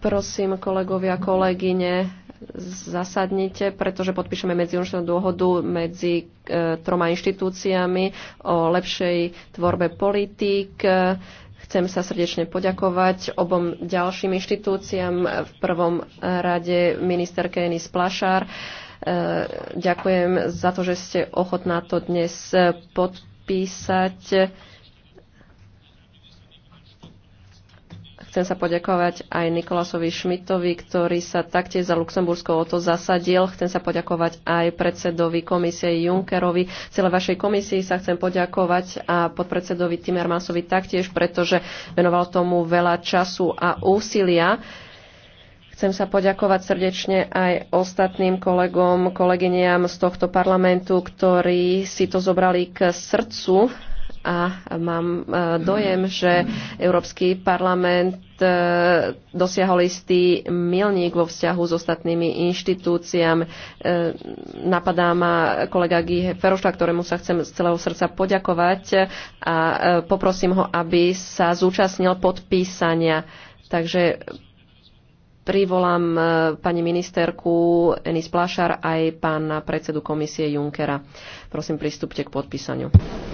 prosím kolegovia kolegyne zasadnite pretože podpíšeme medziinštitučnú dohodu medzi e, troma inštitúciami o lepšej tvorbe politík Chcem sa srdečne poďakovať obom ďalším inštitúciám, v prvom rade ministerke Enis Plašár. E, ďakujem za to, že ste ochotná to dnes podpísať. Chcem sa poďakovať aj Nikolasovi Šmitovi, ktorý sa taktiež za Luxembursko o to zasadil. Chcem sa poďakovať aj predsedovi komisie Junckerovi. Celé vašej komisii sa chcem poďakovať a podpredsedovi Timmermansovi taktiež, pretože venoval tomu veľa času a úsilia. Chcem sa poďakovať srdečne aj ostatným kolegom, kolegyniam z tohto parlamentu, ktorí si to zobrali k srdcu a mám e, dojem, že Európsky parlament E, dosiahol istý milník vo vzťahu s ostatnými inštitúciami. E, napadá ma kolega G. Ferošta, ktorému sa chcem z celého srdca poďakovať a e, poprosím ho, aby sa zúčastnil podpísania. Takže privolám pani ministerku Enis Plášar aj pána predsedu komisie Junckera. Prosím, pristúpte k podpísaniu.